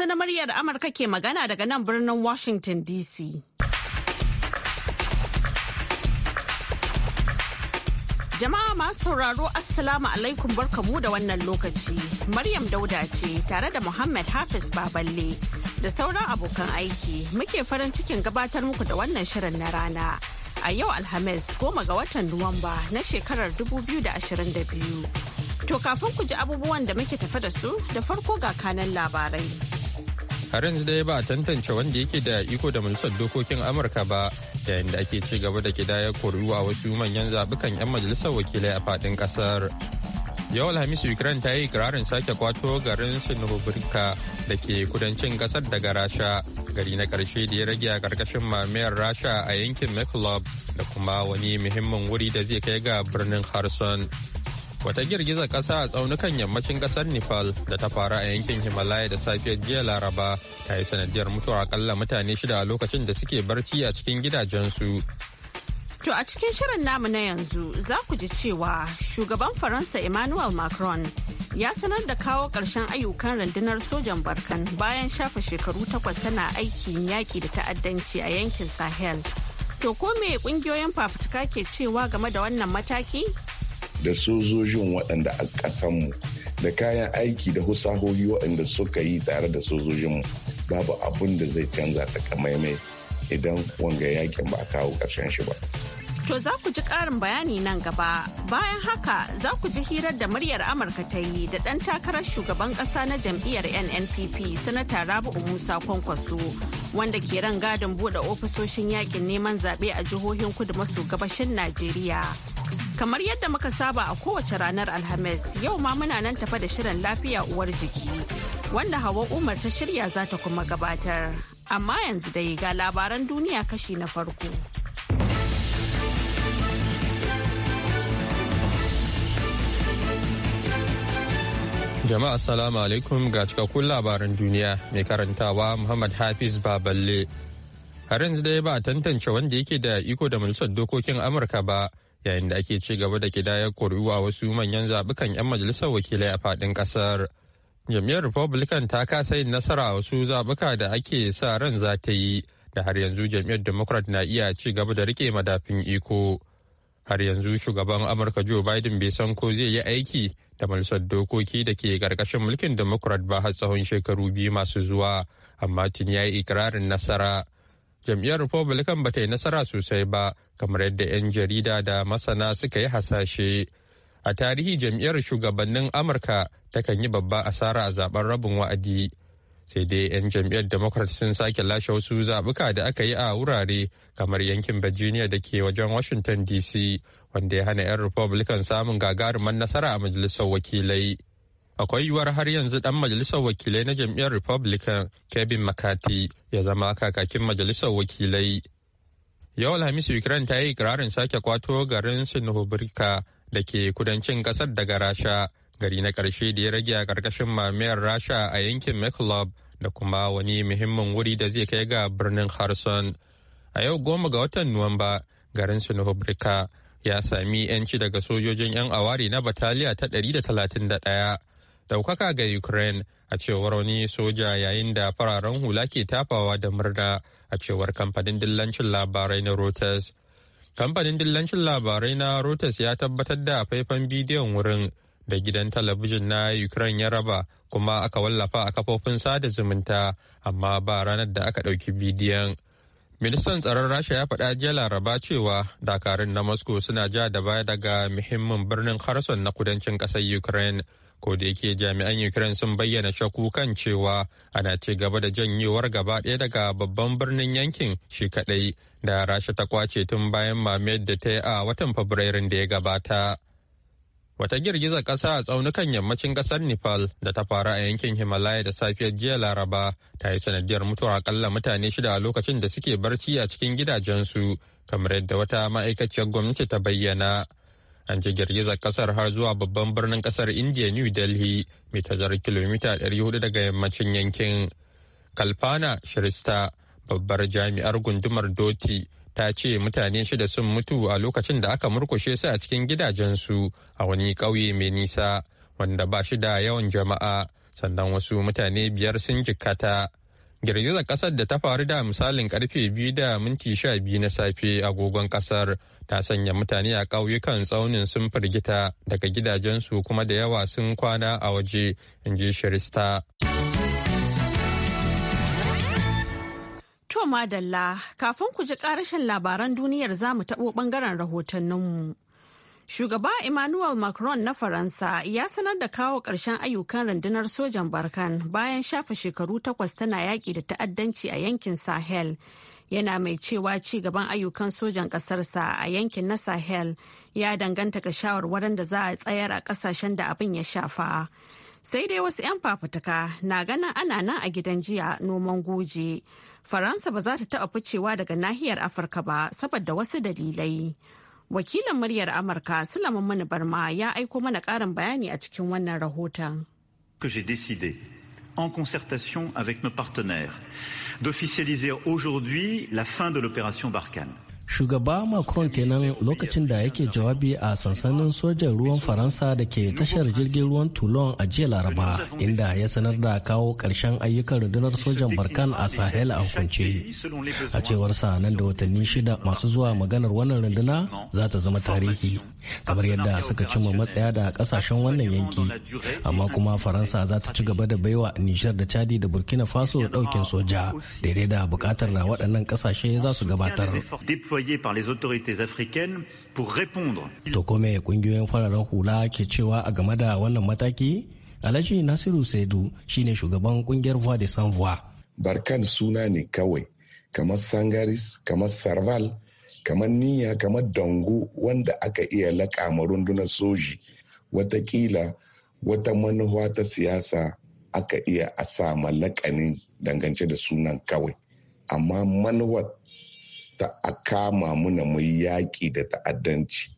Hausa na muryar Amurka ke magana daga nan birnin Washington DC. Jama'a masu sauraro Assalamu alaikum barkamu da wannan lokaci. Maryam Dauda ce tare da Muhammad Hafiz Baballe da sauran abokan aiki muke farin cikin gabatar muku da wannan shirin na rana. A yau Alhamis goma ga watan Nuwamba na shekarar 2022. To kafin ku ji abubuwan da muke tafe da su da farko ga kanan labarai. harin da dai ba a tantance wanda yake da iko da majalisar dokokin amurka ba yayin da ake ci gaba da ya kuri'u a wasu manyan zaɓukan 'yan majalisar wakilai a fadin kasar. yau alhamis ukraine ta yi ikirarin sake kwato garin Sinubirka da ke kudancin kasar daga rasha gari na karshe da ya rage a karkashin mamayar rasha a yankin mclub da kuma wani muhimmin wuri da zai kai ga birnin harson wata girgizar kasa a tsaunukan yammacin kasar nepal da ta faru a yankin himalaya da safiyar jiya laraba ta yi sanadiyar mutuwa akalla mutane shida a lokacin da suke barci a cikin gidajensu To a cikin shirin namu na yanzu za ku ji cewa shugaban Faransa Emmanuel Macron ya sanar da kawo ƙarshen ayyukan rundunar sojan Barkan bayan shafa shekaru takwas tana aikin yaƙi da ta'addanci a yankin Sahel. To ko me ƙungiyoyin fafutuka ke cewa game da wannan mataki? da sojojin waɗanda a ƙasanmu da kayan aiki da husahohi waɗanda suka yi tare da sojojinmu babu abin da zai canza takamaimai idan wanga yakin ba a kawo ƙarshen shi ba. To za ku ji ƙarin bayani nan gaba. Bayan haka za ku ji hirar da muryar Amurka ta yi da ɗan takarar shugaban ƙasa na jam'iyyar NNPP Sanata Rabi'u Musa Kwankwaso wanda ke ran gadin buɗe ofisoshin yakin neman zaɓe a jihohin kudu maso gabashin Najeriya. Kamar yadda muka saba a kowace ranar Alhamis, yau ma muna nan tafa da shirin lafiya uwar jiki, wanda Hawa Umar ta shirya za ta kuma gabatar. Amma yanzu dai ga labaran duniya kashi na farko. Jama'a salamu alaikum ga cikakkun labaran duniya mai karantawa Muhammad Hafiz Baballe. Har yanzu dai ba a tantance wanda yake da iko da majalisar dokokin Amurka ba yayin da ake ci gaba da kidayar kuri'u a wasu manyan zaɓukan 'yan majalisar wakilai a fadin kasar. Jam'iyyar Republican ta kasa yin nasara a wasu zabuka da ake sa ran za ta yi, da har yanzu jam'iyyar Democrat na iya ci gaba da riƙe madafin iko. Har yanzu shugaban Amurka Joe Biden bai san ko zai yi aiki da majalisar dokoki da ke karkashin mulkin Democrat ba har tsawon shekaru biyu masu zuwa, amma tun ya yi ikirarin nasara. jam'iyyar republican ba ta yi nasara sosai ba kamar yadda 'yan jarida da masana suka yi hasashe a tarihi jam'iyyar shugabannin amurka takan yi babba asara a zaben rabin wa'adi sai dai 'yan jam'iyyar democrat sun sake lashe wasu zaɓuka da aka yi a wurare kamar yankin virginia da ke wajen washington dc wanda ya hana 'yan republican samun gagarumar nasara a majalisar wakilai akwai yiwuwar har yanzu dan majalisar wakilai na jam'iyyar republican kevin mccarthy ya zama kakakin majalisar wakilai yau alhamis ukraine ta yi ikirarin sake kwato garin sinobrika da ke kudancin kasar daga rasha gari na karshe da ya rage a karkashin mamayar rasha a yankin mclub da kuma wani muhimmin wuri da zai kai ga birnin harson a yau goma ga watan nuwamba garin sinobrika ya sami 'yanci daga sojojin 'yan awari na bataliya ta 131 Daukaka ga Ukraine a cewar wani soja yayin da fararen hula ke tafawa da murda a cewar kamfanin dillancin labarai na Reuters. Kamfanin dillancin labarai na Reuters ya tabbatar da faifan bidiyon wurin da gidan talabijin na Ukraine ya raba kuma aka wallafa a kafofin sada zumunta amma ba ranar da aka ɗauki bidiyon. Ministan tsaron Rasha ya faɗa jiya Laraba cewa dakarun na Moscow suna ja da baya daga muhimmin birnin kharson na kudancin ƙasar Ukraine ko da yake jami'an ukraine sun bayyana shakku kan cewa ana ci gaba da janyewar gaba ɗaya daga babban birnin yankin shi kaɗai da rasha ta kwace tun bayan mamayar da ta yi a watan fabrairun da ya gabata wata girgizar ƙasa a tsaunukan yammacin ƙasar nepal da ta faru a yankin himalaya da safiyar jiya laraba ta yi sanadiyar mutuwa akalla mutane shida a lokacin da suke barci a cikin gidajensu kamar yadda wata ma'aikaciyar gwamnati ta bayyana an ji girgizar kasar har zuwa babban birnin kasar india new delhi mai tazarar kilomita 400 daga yammacin yankin kalfana shirista babbar jami'ar gundumar doti ta ce mutane shida sun mutu a lokacin da aka murkushe su a cikin gidajensu a wani ƙauye mai nisa wanda ba shi da yawan jama'a sannan wasu mutane biyar sun jikkata girgizar kasar da ta faru da misalin karfe biyu da minti sha biyu na safe agogon kasar ta sanya mutane a ƙauyukan tsaunin sun firgita daga gidajensu kuma da yawa sun kwana a waje in ji shirista. To madalla kafin ku ji ƙarashin labaran duniyar za mu taɓo ɓangaren mu. Shugaba Emmanuel Macron na Faransa ya sanar da kawo ƙarshen ayyukan rundunar sojan Barkan bayan shafa shekaru takwas tana yaƙi da ta'addanci a yankin Sahel. Yana mai cewa ci gaban ayyukan sojan ƙasarsa a yankin na Sahel ya danganta ga shawarwarin da za a tsayar a ƙasashen da abin ya shafa. Sai dai wasu 'yan fafutuka na ganin ana nan a gidan jiya noman goje. Faransa ba za ta taɓa ficewa daga nahiyar Afirka ba saboda wasu dalilai. Wakilin muryar Amurka Sulaiman Mani Barma ya aiko mana karin bayani a cikin wannan rahoton. Que j'ai décidé en concertation avec nos partenaires d'officialiser aujourd'hui la fin de l'opération Barkhane. shugaba macron kenan lokacin da yake jawabi a sansanin sojan ruwan faransa da ke tashar jirgin ruwan toulon a jiya laraba inda ya sanar da kawo karshen ayyukan rundunar sojan barkan a sahel a hukunce a cewar sa nan da watanni shida masu zuwa maganar wannan runduna za ta zama tarihi kamar yadda suka cimma matsaya da kasashen wannan yanki amma kuma faransa za ta ci gaba da baiwa nishar da chadi da burkina faso daukin soja daidai da bukatar da waɗannan kasashe za su gabatar to kome kungiyoyin fararen hula ke cewa a game da wannan mataki alhaji nasiru saidu shine shugaban kungiyar voix de san voix barkan suna ne kawai kamar sangaris kamar sarval kamar niyya kamar dango wanda aka iya laƙa ma rundunar soji watakila wata manuwa ta siyasa aka iya a sa laƙanin dangance da sunan kawai amma manuwar ta a kama muna mu yaƙi da ta'addanci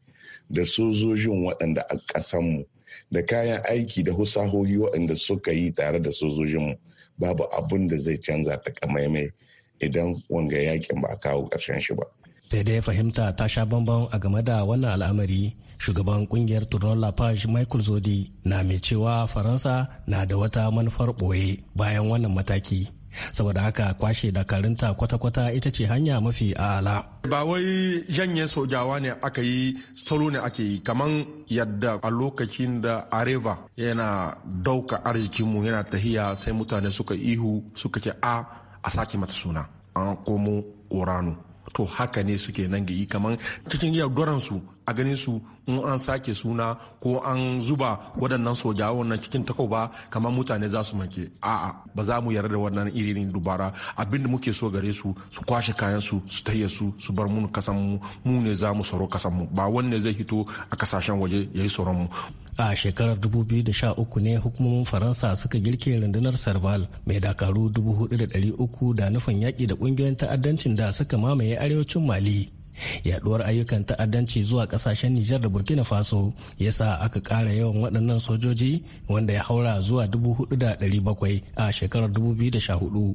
da sojojin waɗanda a ƙasanmu da kayan aiki da husahohi waɗanda suka yi tare da sojojinmu babu abin da zai canza ta kamaimai idan wanga yakin ba a kawo ƙarshen shi ba. sai dai fahimta ta sha bambam a game da wannan al'amari shugaban kungiyar turnon page michael zodi na mai cewa faransa na da wata manufar ɓoye bayan wannan mataki saboda haka kwashe dakarinta kwata-kwata ita ce hanya mafi ala. ba wai janye sojawa ne aka yi solo ne ake yi kaman yadda a lokacin da areva yana dauka arzikinmu yana tahiya sai mutane suka ihu suka ce a a sake mata suna an komo uranu to haka ne suke nan ga yi kamar cikin yaudaransu a ganin su in an sake suna ko an zuba waɗannan soja wannan cikin takoba kamar mutane za su make a'a ba za mu yarda da wannan irin dubara abinda muke so gare su su kwashe kayan su su tayya su su bar mu kasan mu mu ne za mu tsaro kasan mu ba wanne zai hito a kasashen waje ya yi tsaron mu a shekarar 2013 ne hukumomin faransa suka girke rundunar serval mai dakaru 4,300 da nufin yaƙi da ƙungiyoyin ta'addancin da suka mamaye arewacin mali yaduwar ayyukan ta'addanci zuwa kasashen nijar da burkina faso ya sa aka ƙara yawan waɗannan sojoji wanda ya haura zuwa 4,700 a shekarar 2014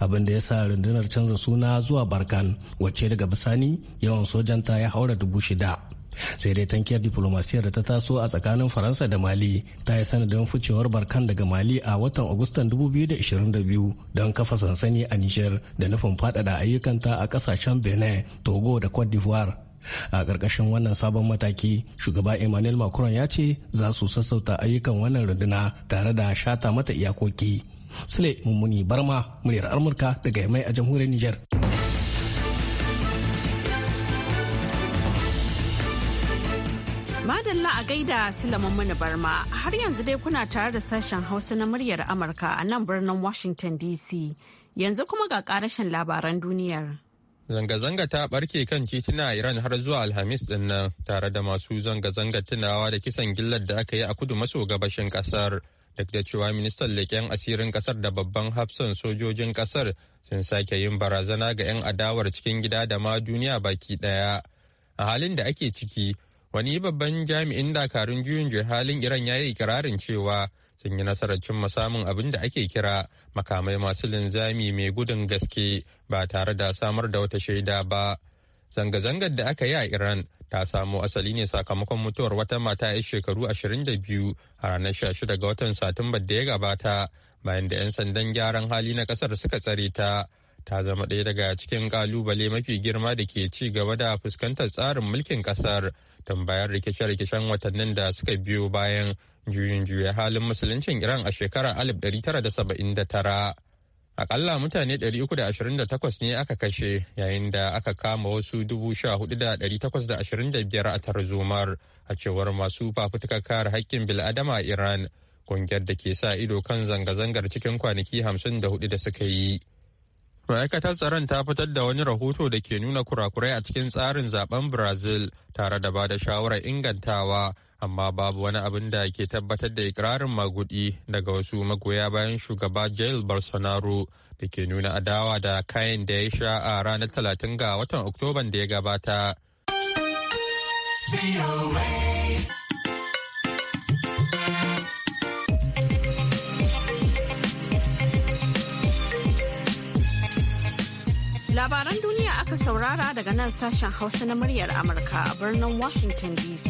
abinda ya sa rundunar canza suna zuwa barkan wacce daga bisani yawan sojanta ya haura 6,000 sai dai tankiyar diplomasiyar da ta taso a tsakanin faransa da mali ta yi sanadin ficewar barkan daga mali a watan agustan 2022 don kafa sansani a nijar da nufin faɗaɗa ayyukanta a ƙasashen benin togo da cote d'ivoire a ƙarƙashin wannan sabon mataki shugaba emmanuel macron ya ce za su sassauta ayyukan wannan runduna tare da shata mata iyakoki sule mummuni barma muryar amurka daga yamai a jamhuriyar niger. a gaida Sulaiman Mani Barma har yanzu dai kuna tare da sashen Hausa na muryar Amurka a nan birnin Washington DC. Yanzu kuma ga karashin labaran duniyar. Zanga-zanga ta barke kan tituna Iran har zuwa Alhamis din tare da masu zanga-zanga tunawa da kisan gillar da aka yi a kudu maso gabashin kasar. Duk da cewa ministan leƙen asirin kasar da babban hafsan sojojin kasar sun sake yin barazana ga 'yan adawar cikin gida da ma duniya baki ɗaya. A halin da ake ciki, wani babban jami'in dakarun juyin juya halin iran ya yi ikirarin cewa sun yi nasarar cimma samun abin da ake kira makamai masu linzami mai gudun gaske ba tare da samar da wata shaida ba zanga-zangar da aka yi a iran ta samo asali ne sakamakon mutuwar wata mata ya shekaru 22 a ranar 16 ga watan satumba da ya gabata bayan da 'yan sandan gyaran hali na kasar suka tsare ta ta zama ɗaya daga cikin ƙalubale mafi girma da ke ci gaba da fuskantar tsarin mulkin ƙasar tambayar rikice-rikicen watannin da suka biyo bayan juyin juya halin musuluncin Iran a shekarar 1979. Akalla mutane 328 ne aka kashe yayin da aka kama wasu 14,825 a tarzomar a cewar masu fafutukar kare haƙƙin bil'adama a Iran, ƙungiyar da ke sa ido kan zanga-zangar cikin kwanaki 54 da suka yi. ma'aikatar tsaron ta fitar da wani rahoto da ke nuna kurakurai a cikin tsarin zaben brazil tare da ba da shawarar ingantawa amma babu wani abin da ke tabbatar da ikirarin magudi daga wasu magoya bayan shugaba jail bolsonaro da ke nuna adawa da kayan da ya sha a ranar talatin ga watan oktoban da ya gabata. Labaran duniya aka saurara daga nan sashen Hausa na muryar Amurka a birnin Washington DC.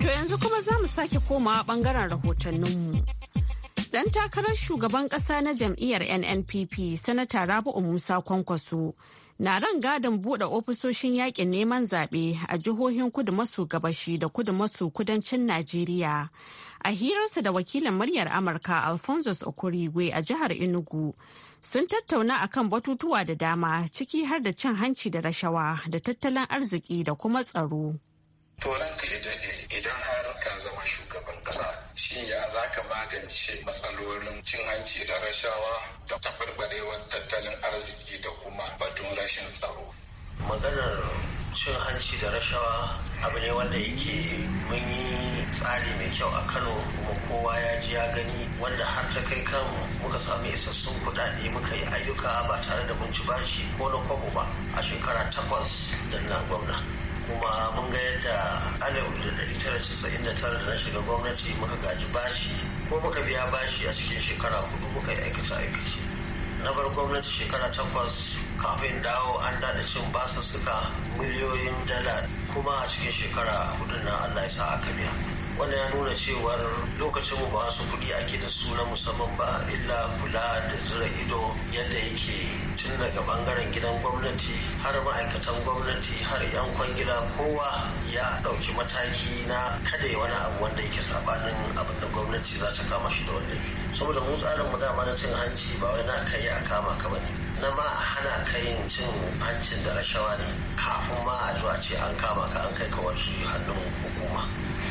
To yanzu kuma za mu sake komawa bangaren rahotanninmu. Dan takarar shugaban ƙasa na jam'iyyar NNPP, Sanata Rabu'u Musa Kwankwaso, na ran gadin buɗe ofisoshin yakin neman zaɓe a jihohin kudu maso gabashi da kudu maso kudancin Najeriya. a hirarsa da wakilin muryar amurka alphonsus okurigwe a jihar enugu sun tattauna akan batutuwa da dama ciki har da cin hanci da rashawa da tattalin arziki da kuma tsaro shugaban ƙasa ya magance matsalolin cin hanci da rashawa da tattalin arziki da kuma batun rashin tsaro maganar cin hanci da rashawa abu ne wanda yake mun yi tsari mai kyau a kano kuma kowa ya ji ya gani wanda har ta kai kan muka sami isassun kuɗaɗe muka yi ayyuka ba tare da mun ci bashi ko na kwabo ba a shekara takwas da na gwamna kuma mun ga yadda alif da dari tara da na shiga gwamnati muka gaji bashi ko muka biya bashi a cikin shekara hudu muka yi aikace aikace na bar gwamnati shekara takwas kafin dawo an dada cin suka miliyoyin dala kuma a cikin shekara hudu na allah ya sa aka biya wannan ya nuna cewa lokacin mu ba su kuɗi ake da su na musamman ba illa kula da zura ido yadda yake tun daga bangaren gidan gwamnati har ma'aikatan gwamnati har 'yan kwangila kowa ya ɗauki mataki na kada ya wani abu wanda yake sabanin abin da gwamnati za ta kama shi da wani saboda mu tsarin mu dama na cin hanci ba wai na kai a kama ka bane na ba a hana ka cin hancin da rashawa ne kafin ma a zuwa ce an kama ka an kai ka wasu hannun hukuma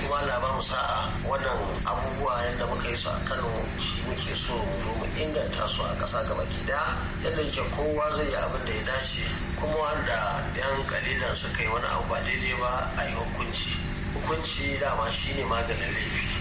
kuma labarin sa'a wannan abubuwa yadda muka yi su a Kano shi muke so mu zo mu inganta su a ƙasa gaba gida yadda yake kowa zai yi abin da ya dace kuma wanda yan kalilan suka yi wani abu ba daidai ba a yi hukunci hukunci dama shine maganin laifi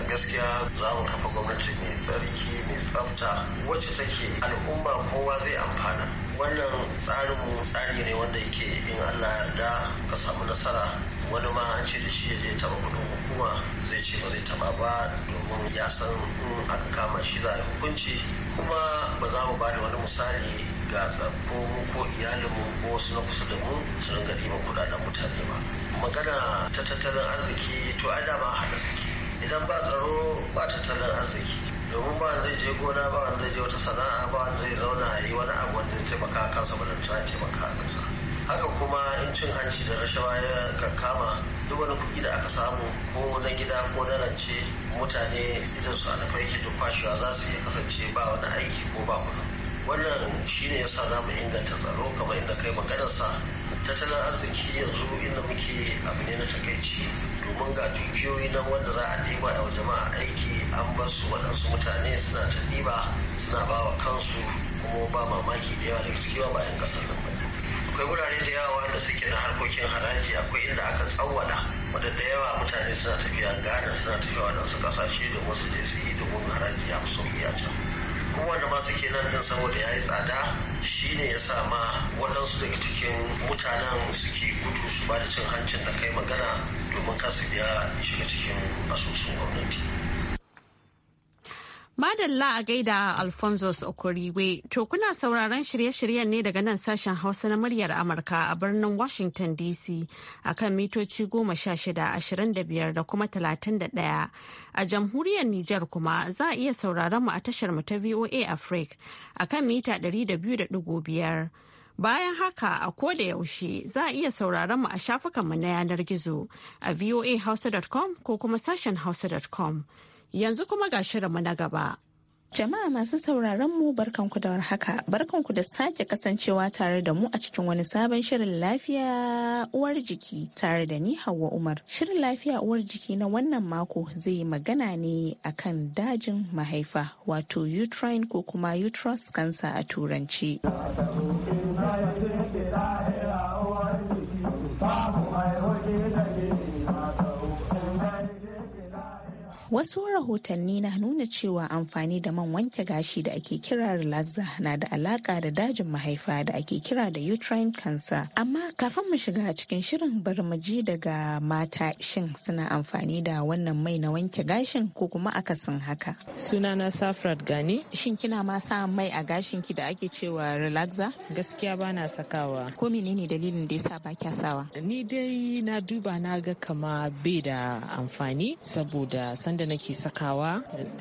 a gaskiya za mu kafa gwamnati mai tsarki tsafta wacce take al'umma kowa zai amfana wannan tsarin mu tsari ne wanda yake in allah yarda ka samu nasara wani ma an ce da shi ya je taba kudin hukuma zai ce ba zai taba ba domin ya san in aka kama shi za a hukunci kuma ba za mu ba da wani misali ga ko mu ko iyalinmu ko wasu na kusa da mu su dinga ɗiba kudaden mutane ba magana ta tattalin arziki to ai dama haɗa suke idan ba tsaro ba tattalin arziki domin ba zai je gona ba wanda zai je wata sana'a ba wanda zai zauna a yi wani abu wanda zai taimaka kansa ba ta taimaka kansa haka kuma in cin hanci da rashawa ya kankama duk wani kuɗi da aka samu ko na gida ko na rance mutane idan su ana da kwashewa za su iya kasance ba wani aiki ko ba kuɗi wannan shine yasa za mu inganta tsaro kamar inda kai maganarsa tattalin arziki yanzu inda muke abu ne na takaici domin ga dukiyoyi nan wanda za a ɗiba wa jama'a aiki an bar su waɗansu mutane suna ta ɗiba suna ba wa kansu kuma ba mamaki da yawa daga cikin bayan ƙasar nan ba akwai wurare da yawa wanda suke na harkokin haraji akwai inda aka tsawwada wadda da yawa mutane suna tafiya gana suna tafiya waɗansu ƙasashe da wasu da su yi domin haraji ya fi sauƙi a can kowanne ma suke nan din saboda ya yi tsada shi ne ya sa ma waɗansu daga cikin mutanen suke gudu su ba da cin hancin da kai magana domin kasu biya shiga cikin asusun gwamnati Madalla a gaida Alphonsus Okoriwe, to kuna sauraron shirye-shiryen ne daga nan sashen Hausa na muryar Amurka a birnin Washington DC a kan mitoci goma sha shida ashirin da biyar da kuma talatin da ɗaya. A jamhuriyar Nijar kuma za a iya sauraron mu a tashar mu ta VOA Africa a kan mita ɗari da biyu da ɗigo biyar. Bayan haka a koda yaushe za a iya sauraron mu a shafukanmu na yanar gizo a voahausa.com ko kuma sashen hausa.com. Yanzu kuma ga shirinmu na gaba. Jama'a masu sauraron mu barkanku da warhaka, barkanku da sake kasancewa tare da mu a cikin wani sabon shirin lafiya uwar jiki tare da ni Hauwa Umar. Shirin lafiya uwar jiki na wannan mako zai magana ne akan dajin mahaifa wato uterine ko kuma uterus cancer a turanci. Wasu rahotanni na nuna cewa amfani da man wanke gashi da ake kira Relaxa na da alaka da dajin mahaifa da ake kira da uterine cancer. Amma kafin mu shiga cikin shirin barmaji daga mata shin suna amfani da wannan mai na wanke gashin ko kuma akasin haka. Sunana Safrat Gani. Shin kina ma sa mai a gashin ki da ake cewa Relaxa? Gaskiya bana sakawa. Ko menene dalilin da yasa ba kya sawa? Ni dai na duba na ga kama bai da amfani saboda da nake sakawa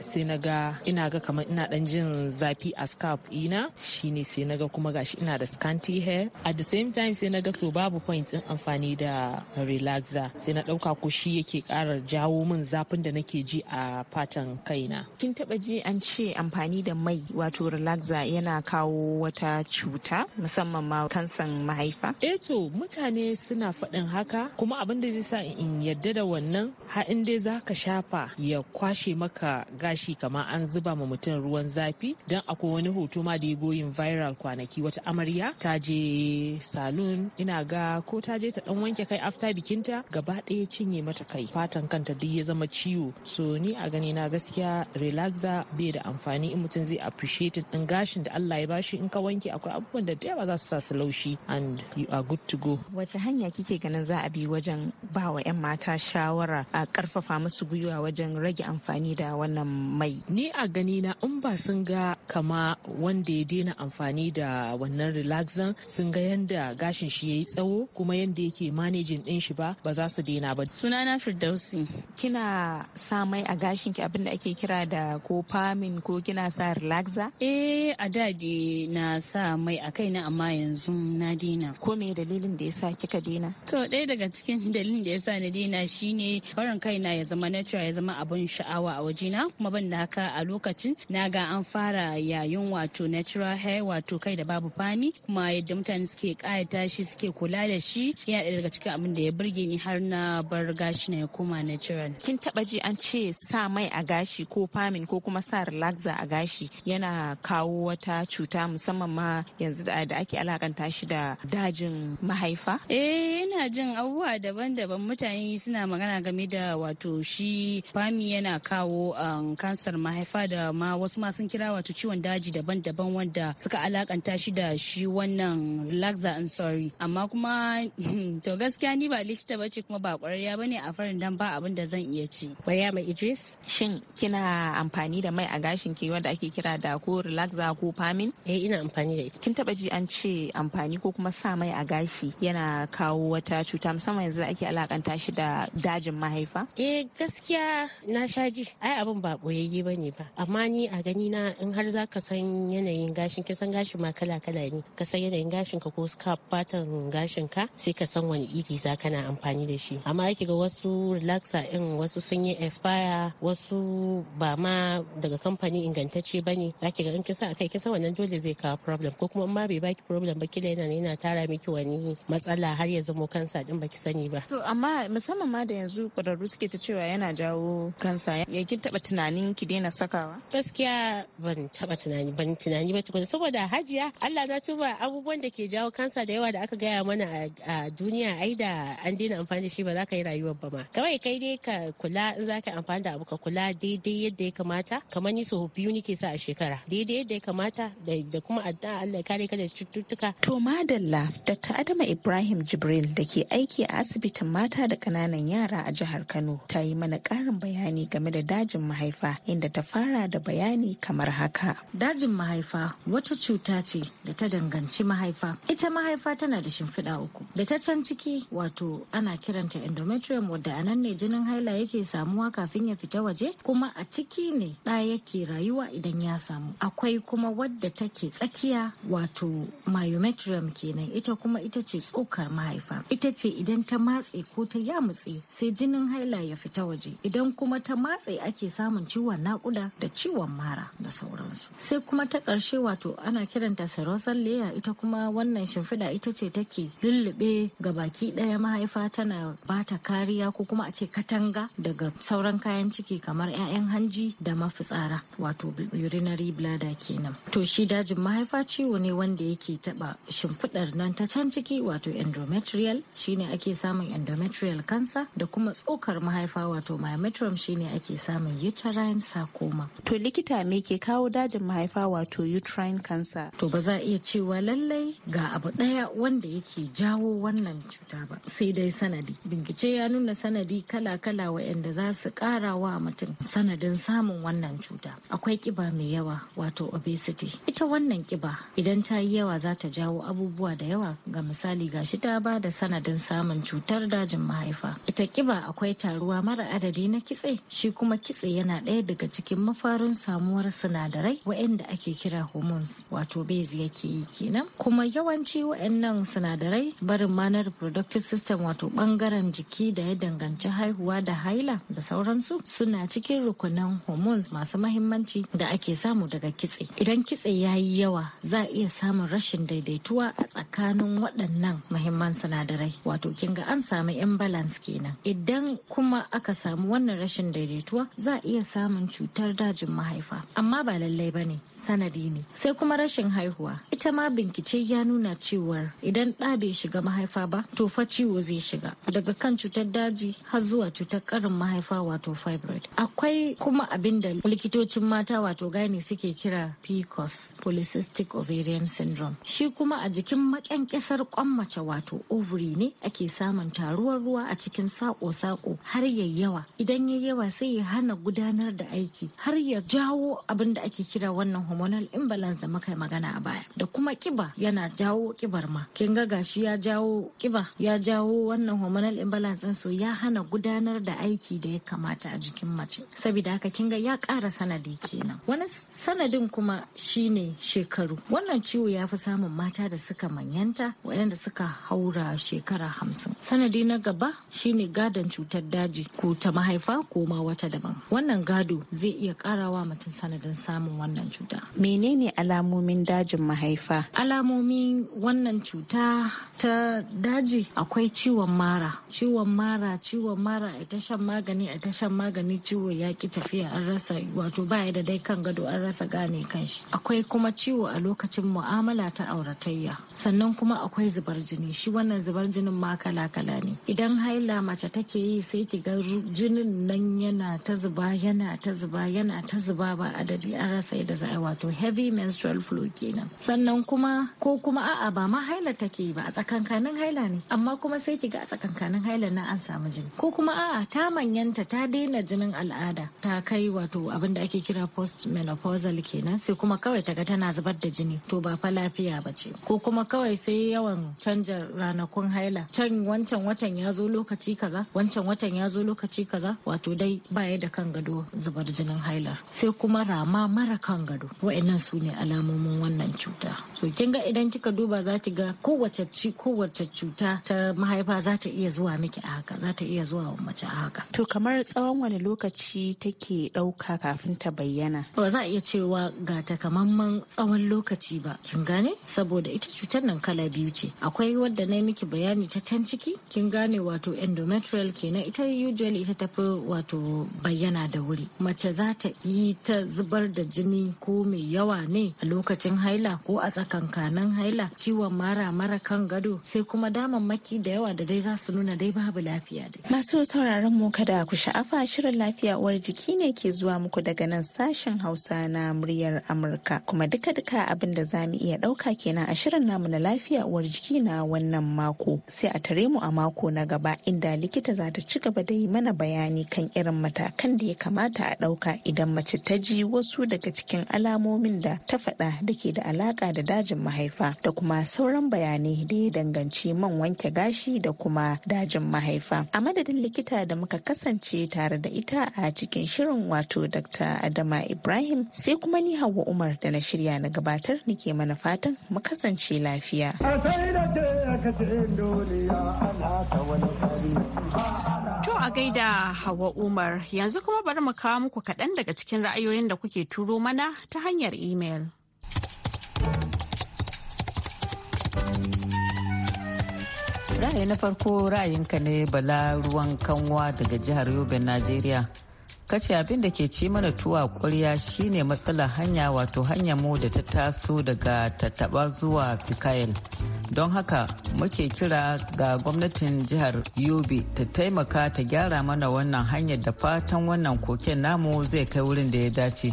sai na ga ina ga kamar ina dan jin zafi a scarf ina shine sai na ga kuma gashi ina da scanty hair at the same time sai na ga to babu point din amfani da relaxer sai na dauka ko shi yake kara jawo min zafin da nake ji a fatan kaina kin taba ji an ce amfani da mai wato relaxer yana kawo wata cuta musamman ma kansan mahaifa eh to mutane suna faɗin haka kuma abin da zai sa in yarda da wannan ha in dai zaka shafa ya kwashe maka gashi kamar an zuba ma mutum ruwan zafi don akwai wani hoto ma da ya goyin viral kwanaki wata amarya ta je salon ina ga ko ta je ta dan wanke kai after bikinta gaba ɗaya cinye mata kai fatan kanta duk ya zama ciwo so ni a gani na gaskiya relaxer bai da amfani in mutum zai appreciate din gashin da Allah ya bashi in ka wanke akwai abubuwan da ba za su sa su laushi and you are good to go wace hanya kike ganin za a bi wajen ba wa 'yan mata shawara a karfafa musu gwiwa wajen wajen rage amfani da wannan mai ni a gani na in ba sun ga kama wanda ya daina amfani da wannan relaxan sun ga yanda gashin shi yayi tsawo kuma yanda yake managing din shi ba ba za su daina ba Suna na firdausi kina sa mai a gashin ki abin da ake kira da ko famin ko kina sa relaxer eh a da na sa mai a kaina amma yanzu na daina ko me dalilin da yasa kika daina to ɗaya daga cikin dalilin da yasa na daina shine barin kaina ya zama natural ya zama zama abin sha'awa a wajena kuma ban da haka a lokacin na ga an fara yayin wato natural hair wato kai da babu fani kuma yadda mutane suke kayata shi suke kula da shi yana ɗaya daga cikin abin da ya burge ni har na bar gashi na ya koma natural. Kin taba ji an ce sa mai a gashi ko famin ko kuma sa relaxer a gashi yana kawo wata cuta musamman ma yanzu da ake alakanta shi da dajin mahaifa? Eh ina jin abubuwa daban-daban mutane suna magana game da wato shi fami yana kawo um, kansar mahaifa da ma wasu ma sun kira wato ciwon daji daban-daban wanda suka alakanta shi da shi wannan relaxer and sorry amma kuma to gaskiya ni ba likita bace kuma ba kwararriya bane a farin dan ba abin da zan iya ci mai Idris shin kina amfani da mai a gashin ki wanda ake kira da ko relaxer ko famin eh ina amfani da ita kin taba ji an ce amfani ko kuma sa mai a gashi yana kawo wata cuta musamman yanzu ake alakanta shi da dajin mahaifa eh gaskiya na sha ji ai abin ba boyayye ba ne ba amma ni a gani na in har za ka san yanayin gashin ka san gashin ma kala kala ne ka san yanayin gashin ka ko scalp fatan gashin ka sai ka san wani iri za kana amfani da shi amma yake ga wasu relaxer in wasu sun yi expire wasu ba ma daga kamfani ingantacce ba ne za ga in kisa sa akai kisa san wannan dole zai kawo problem ko kuma in ma bai baki problem ba kila yana yana tara miki wani matsala har ya zamo kansa din baki sani ba to amma musamman ma da yanzu kwararru suke ta cewa yana jawo kansa ya kin taba tunanin ki daina sakawa gaskiya ban taba tunani ban tunani ba tukuna saboda hajiya Allah na tuba abubuwan da ke jawo kansa da yawa da aka gaya mana a duniya ai da an daina amfani da shi ba za ka yi rayuwar ba ma kawai kai dai ka kula in za ka amfani da abu ka kula daidai yadda ya kamata kamar ni so biyu nake sa a shekara daidai yadda ya kamata da kuma addu'a Allah ya kare ka da cututtuka to madalla Dr. Adama Ibrahim Jibril da ke aiki a asibitin mata da kananan yara a jihar Kano ta yi mana karin bayani game da dajin mahaifa inda ta fara da bayani kamar haka. Dajin mahaifa wata cuta ce da ta danganci mahaifa. Ita mahaifa tana da shimfiɗa uku. Da ta can ciki wato ana kiranta endometrium wadda a nan ne jinin haila yake samuwa kafin ya fita waje kuma a ciki ne ɗa yake rayuwa idan ya samu. Akwai kuma wadda take tsakiya wato myometrium kenan ita kuma ita ce tsokar mahaifa. Ita ce idan ta matse ko ta yamutse sai jinin haila ya fita waje. Idan kuma ta matse ake samun ciwon nakuda da ciwon mara da sauransu sai kuma ta ƙarshe wato ana kiranta serosal leya ita kuma wannan shimfiɗa ita ce take lullube ga baki ɗaya mahaifa tana bata kariya ko kuma a ce katanga daga sauran kayan ciki kamar 'ya'yan hanji da mafitsara wato urinary bladder kenan to shi dajin mahaifa ciwo ne wanda yake taba shimfiɗar nan ta can ciki wato endometrial shine ake samun endometrial cancer da kuma tsokar mahaifa wato myometrial syndrome shine ake samun uterine sarcoma. To likita me ke kawo dajin mahaifa wato uterine cancer? To ba za a iya cewa lallai ga abu ɗaya wanda yake jawo wannan cuta ba sai dai sanadi. Bincike ya nuna sanadi kala-kala waɗanda za su ƙara wa mutum sanadin samun wannan cuta. Akwai ƙiba mai yawa wato obesity. Ita wannan ƙiba idan ta yi yawa za ta jawo abubuwa da yawa ga misali ga shi ta ba da sanadin samun cutar dajin mahaifa. Ita ƙiba akwai taruwa mara adadi na kitse shi kuma kitse yana ɗaya daga cikin mafarin samuwar sinadarai waɗanda ake kira hormones wato base yake yi kenan kuma yawanci waɗannan sinadarai barin ma na reproductive system wato ɓangaren jiki da ya danganci haihuwa da haila da sauransu suna cikin rukunan hormones masu mahimmanci da ake samu daga kitse idan kitse ya yi yawa za a iya samun rashin daidaituwa a tsakanin waɗannan mahimman sinadarai wato kinga an samu imbalance kenan idan kuma aka samu wannan rashin daidaituwa za a iya samun cutar dajin mahaifa amma ba lallai ba ne sanadi ne sai kuma rashin haihuwa ita ma bincike ya nuna cewar idan ɗa bai shiga mahaifa ba to fa ciwo zai shiga daga kan cutar daji har zuwa cutar karin mahaifa wato fibroid akwai kuma abin da likitocin mata wato gani suke kira pcos polycystic ovarian syndrome shi kuma a jikin makyankisar kwan mace wato ovary ne ake samun taruwar ruwa a cikin sako-sako har ya yawa idan ya yawa sai ya hana gudanar da aiki har ya jawo abin da ake kira wannan hormonal imbalance da muka magana a baya da kuma kiba yana jawo kibar ma kin ga gashi ya jawo kiba ya jawo wannan hormonal imbalance so ya hana gudanar da aiki da ya kamata a jikin mace saboda haka kin ga ya ƙara sanadi kenan wani sanadin kuma shine shekaru wannan ciwo ya fi samun mata da suka manyanta waɗanda suka haura shekara hamsin sanadi na gaba shine gadon cutar daji ko ta mahaifa ko ma wata daban wannan gado zai iya karawa mutum sanadin samun wannan cuta menene alamomin dajin mahaifa alamomin wannan cuta ta daji akwai ciwon mara ciwon mara ciwon mara a tashan magani a tashan magani ciwo ya ki tafiya an rasa wato baya da dai kan gado an rasa gane kanshi akwai kuma ciwo a lokacin mu'amala ta auratayya sannan kuma akwai zubar jini shi wannan zubar jinin ma kala kala ne idan haila mace take yi sai ki ga jinin nan yana ta zuba yana ta zuba yana ta zuba ba adadi an rasa yadda za a wato heavy menstrual flow kenan sannan kuma ko kuma a'a ba ma haila take ba a tsakankanin haila ne amma kuma sai ki ga a tsakankanin haila na an samu jini ko kuma a'a ta manyanta ta daina jinin al'ada ta kai wato abin da ake kira post menopausal kenan sai kuma kawai ta ga tana zubar da jini to ba fa lafiya ba ce ko kuma kawai sai yawan canja ranakun haila can wancan watan ya zo lokaci kaza wancan watan ya zo lokaci kaza wato dai baya da kan gado zubar jinin haila sai kuma rama mara kan gado wa'annan su ne alamomin wannan cuta so kin ga idan kika duba za ki ga kowace kowace cuta ta mahaifa za ta iya zuwa miki a haka za ta iya zuwa wa mace a haka to kamar tsawon wani lokaci take ɗauka kafin ta bayyana ba za a iya cewa ga takamaiman tsawon lokaci ba kin gane saboda ita cutar nan kala biyu ce akwai wadda na miki bayani ta can ciki kin gane wato endometrial kenan ita usually ita tafi wato bayyana da wuri mace za ta yi ta zubar da jini ko mai yawa ne a lokacin haila ko a tsakankanin haila ciwon mara mara kan gado sai kuma maki da yawa da dai za su nuna dai babu lafiya dai. Masu sauraron mu kada ku sha'afa shirin lafiya uwar jiki ne ke zuwa muku daga nan sashen Hausa na muryar Amurka kuma duka-duka abin da za mu iya dauka kenan a shirin namu na lafiya uwar jiki na wannan mako sai a tare mu a mako na gaba inda likita za ta ci gaba da yi mana bayani kan irin matakan da ya kamata a dauka idan mace ta ji wasu daga cikin alamu kalmomin da ta faɗa da ke da alaƙa da dajin mahaifa da kuma sauran bayanai da ya danganci man wanke gashi da kuma dajin mahaifa. A madadin likita da muka kasance tare da ita a cikin shirin wato Dr. Adama Ibrahim sai kuma ni Hauwa Umar da na shirya na gabatar nike mana fatan mu kasance lafiya. To a gaida Hauwa Umar yanzu kuma bari mu kawo muku kaɗan daga cikin ra'ayoyin da kuke turo mana ta hanyar imel. Ra'ayi na farko ra'ayinka ne bala ruwan kanwa daga jihar Yobe, Najeriya. kace abin da ke ci mana tuwa kwarya shine matsalar hanya wato hanyar mu da ta taso daga tattaba zuwa fikayel don haka muke kira ga gwamnatin jihar yobe ta taimaka ta gyara mana wannan hanyar da fatan wannan koken namu zai kai wurin da ya dace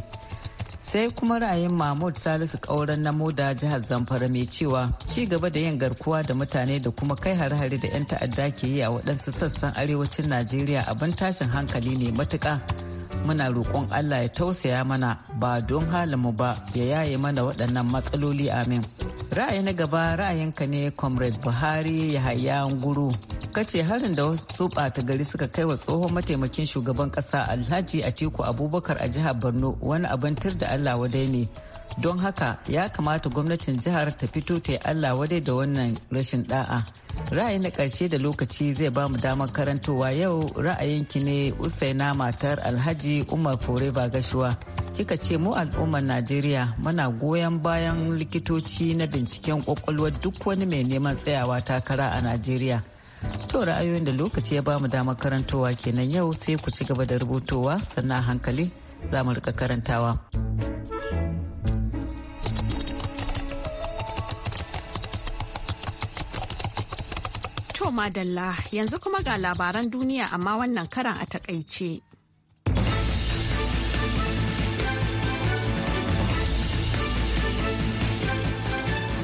sai kuma ra'ayin mahmud salisu kauran na moda jihar zamfara mai cewa ci gaba da yin garkuwa da mutane da kuma kai har hare da 'yan ta'adda ke yi a waɗansu sassan arewacin najeriya abin tashin hankali ne matuka. muna roƙon allah ya tausaya mana ba don halinmu ba ya yaye mana waɗannan matsaloli amin ra'ayi na gaba ra'ayinka ne comrade buhari yahaya guru kace harin da wasu ta gari suka kai wa tsohon mataimakin shugaban kasa alhaji a atiku abubakar a jihar borno wani abin tur da allah wadai ne don haka ya kamata gwamnatin jihar ta fito ta yi allah wadai da wannan rashin da'a ra'ayi na karshe da lokaci zai ba mu damar karantowa yau ra'ayinki ne usaina matar alhaji umar fore gashuwa kika ce mu al'ummar najeriya muna goyon bayan likitoci na binciken kwakwalwar duk wani mai neman tsayawa takara a najeriya To ra'ayoyin da lokaci ya ba mu damar karantowa kenan yau sai ku ci gaba da rubutowa sannan hankali za mu rika karantawa. To madalla yanzu kuma ga labaran duniya amma wannan karan a takaice.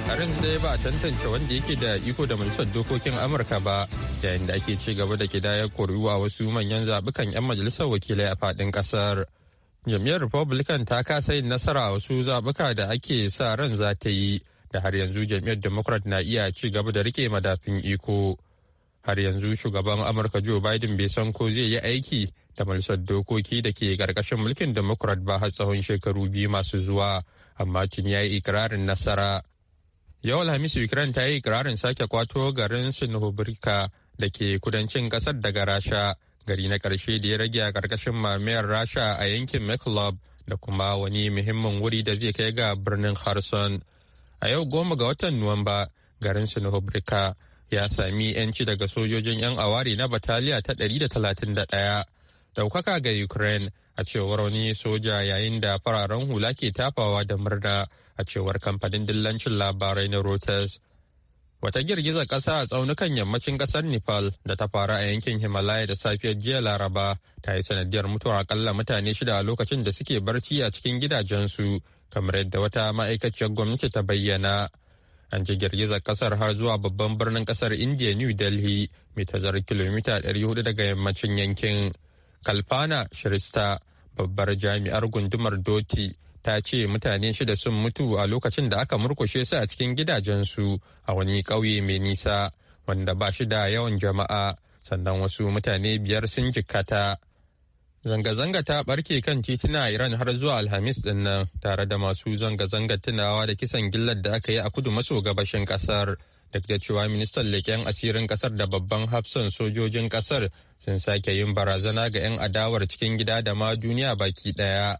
karin sai ba a tantance wanda yake da iko da mulkin dokokin amurka ba yayin da ake ci gaba da kidayar koruwa a wasu manyan zabukan 'yan majalisar wakilai a fadin kasar. jam'iyyar republican ta kasa yin nasara a wasu zabuka da ake sa ran za ta yi da har yanzu jam'iyyar democrat na iya ci gaba da rike madafin iko har yanzu shugaban amurka joe biden bai san ko zai yi aiki da majalisar dokoki da ke karkashin mulkin democrat ba har tsawon shekaru biyu masu zuwa amma cin ya yi ikirarin nasara Yau Alhamis Ukraine ta yi ikirarin sake kwato garin Sinobrika da ke kudancin ƙasar daga Rasha, gari na karshe da ya rage a ƙarƙashin mamayar Rasha a yankin Meklob da kuma wani muhimmin wuri da zai kai ga birnin Kherson. A yau goma ga watan Nuwamba, garin Sinobrika ya sami 'yanci daga sojojin 'yan awari na Bataliya ta 131. daukaka ga Ukraine a cewar wani soja yayin da fararen hula ke tafawa da murna a cewar kamfanin dillancin labarai na Reuters. Wata girgizar ƙasa a tsaunukan yammacin ƙasar Nepal da ta faru a yankin Himalaya da safiyar jiya Laraba ta yi sanadiyar mutuwa akalla mutane shida a lokacin da suke barci a cikin gidajensu kamar yadda wata ma'aikaciyar gwamnati ta bayyana. An ji girgizar ƙasar har zuwa babban birnin ƙasar indiya New Delhi mai tazarar kilomita 400 daga yammacin yankin. kalfana shirista babbar jami'ar gundumar doti ta ce mutane shida sun mutu a lokacin da aka murkushe su a cikin gidajensu a wani ƙauye mai nisa wanda ba shi da yawan jama'a sannan wasu mutane biyar sun jikkata. Zanga-zanga ta barke kan titina Iran har zuwa Alhamis din nan tare da masu zanga-zanga tunawa da kisan gillar da aka yi a kudu maso gabashin kasar duk da cewa ministan leƙen asirin kasar da babban hafsan sojojin kasar sun sake yin barazana ga 'yan adawar cikin gida da ma duniya baki daya.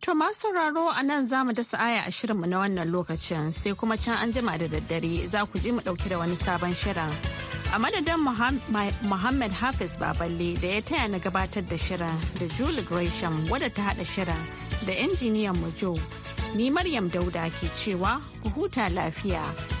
To masu sauraro a nan za mu dasa aya a shirinmu na wannan lokacin sai kuma can an jima da daddare za ku ji mu ɗauki da wani sabon shirin. A madadin Muhammad Hafiz Baballe da ya taya na gabatar da shirin da Julie Gresham wadda ta haɗa shirin da injiniyan mu Joe. Ni Maryam Dauda ke cewa ku huta lafiya.